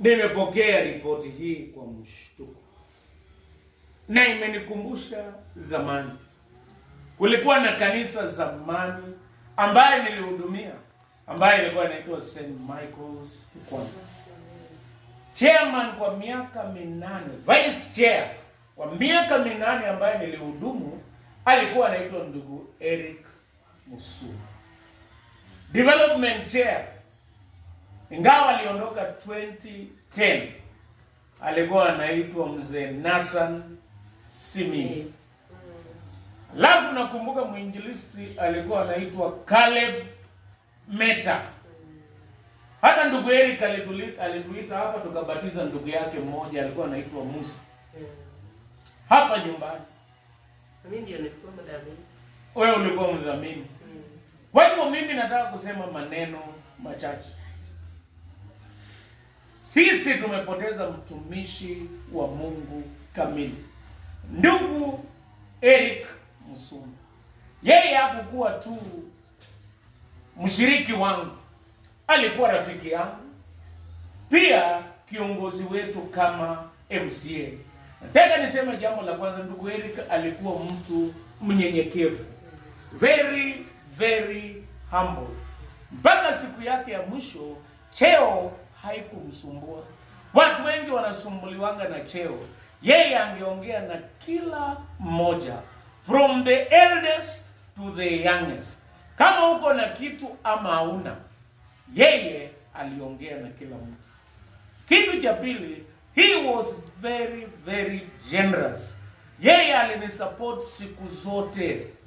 Nimepokea ripoti hii kwa mshtuko na imenikumbusha zamani. Kulikuwa na kanisa zamani ambaye nilihudumia ambaye ilikuwa inaitwa St. Michael's Kikwa. Chairman kwa miaka minane, vice chair kwa miaka minane ambaye nilihudumu alikuwa anaitwa ndugu Eric Musuma development chair, ingawa aliondoka 2010 alikuwa anaitwa mzee Nathan Simi. Eh. Alafu nakumbuka mwinjilisti alikuwa anaitwa Caleb Meta. Hata ndugu Eric alituita hapa tukabatiza ndugu yake mmoja alikuwa anaitwa Musa eh. hapa nyumbani. Wewe ulikuwa mdhamini mimi nataka kusema maneno machache. Sisi tumepoteza mtumishi wa Mungu kamili, ndugu Eric Musumba. Yeye hakukuwa tu mshiriki wangu, alikuwa rafiki yangu pia, kiongozi wetu kama MCA. Nataka niseme jambo la kwanza, ndugu Eric alikuwa mtu mnyenyekevu, very very humble. Mpaka siku yake ya mwisho cheo haikumsumbua. Watu wengi wanasumbuliwanga na cheo, yeye angeongea na kila mmoja, from the eldest to the youngest. Kama uko na kitu ama hauna, yeye aliongea na kila mtu. Kitu cha pili, he was very very generous. Yeye alinisupport siku zote.